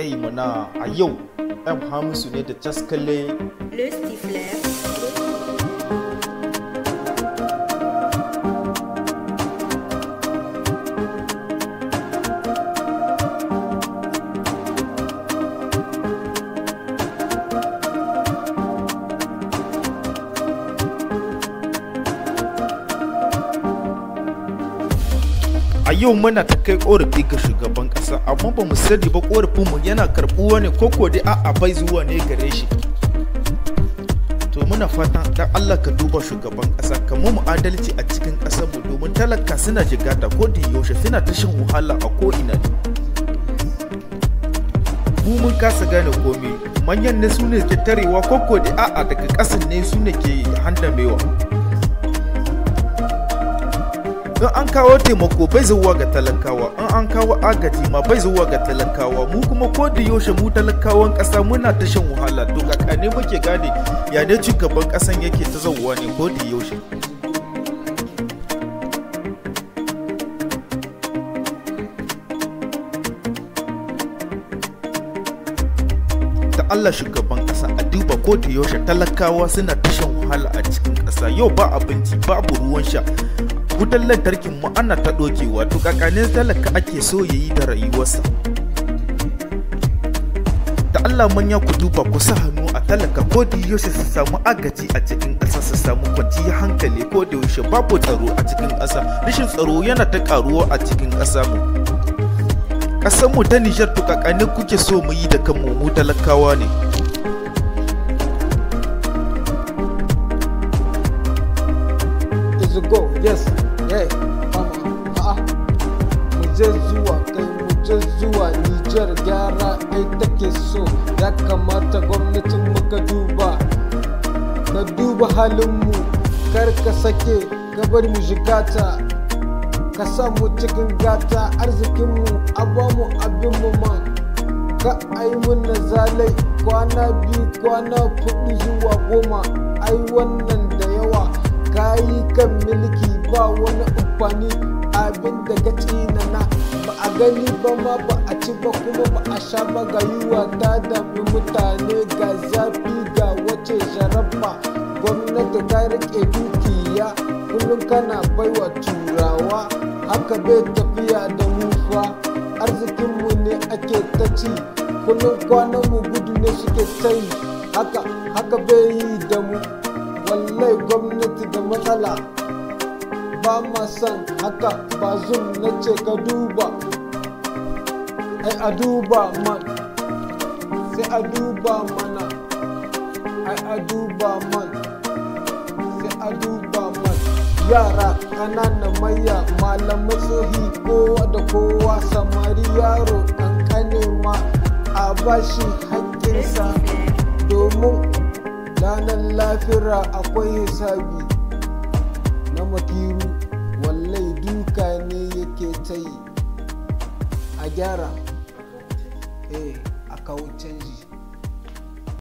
hey mana a yau m hamisu ne da caskale le stifler a yau muna ta kai korafi ga shugaban kasa amma ba mu sani ba korafin mu yana karbuwa wani ko ko dai a'a bai zuwa ne gare shi to muna fatan dan Allah ka duba shugaban kasa ka mu adalci a cikin kasar mu domin talaka suna jigata ko da yaushe suna ta wahala a ko ina mu mun kasa gane komai manyan ne su ne ke tarewa ko ko dai a'a daga kasan ne su ne ke handamewa in an kawo taimako bai zuwa ga talakawa in an kawo agaji ma bai zuwa ga talakawa mu kuma ko da yaushe mu talakawan ƙasa muna ta shan wahala to ne muke gane ya ne shugaban ƙasan yake ta zauwa ne ko da yaushe Allah shugaban ƙasa a duba ko da yaushe talakawa suna tashin wahala a cikin ƙasa yau ba abinci babu ruwan sha wutar lantarkin mu ana ta ɗokewa to kakanin talaka ake so ya yi da rayuwarsa da Allah manya ku duba ku sa hannu a talaka ko da yaushe su samu agaji a cikin ƙasa su samu kwanciyar hankali ko da yaushe babu tsaro a cikin ƙasa rashin tsaro yana ta karuwa a cikin ƙasa mu ƙasar mu ta Nijar to kuke so mu yi da kanmu mu talakawa ne Ah, mu je zuwa kai mu je zuwa Niger gyara kai take so, ya kamata gwamnatin mu ka duba, ka duba halinmu, kar ka sake ka bari mu shigata. Ka sa mu cikin gata arzikinmu, a ba mu mu ma ka ai mun zalai kwana biyu kwana kuɗi zuwa goma, ai wannan da yawa, ka yi kan miliki ba wani amfani abin da ga tsinana ba a gani ba ma ba a ci ba kuma ba a sha ba ga yiwa ta dami mutane ga zafi ga wace sharafa gwamnati ta rike dukiya kullum kana baiwa turawa haka bai tafiya da mufa arzikinmu ne ake ta ci kullum kwananmu gudu ne suke tsayi haka haka bai yi da mu wallai gwamnati da matsala ba ma san haka ba zun na ce ka duba ai a duba man sai a duba mana ai a duba man sai a duba man yara ƙananan maya malamai tsohi kowa da kowa samari yaro ƙanƙane ma a bashi haƙƙinsa domin ranar lafira akwai hisabi na mafiru wallai duka ne yake ta yi a gyara eh, a kawo canji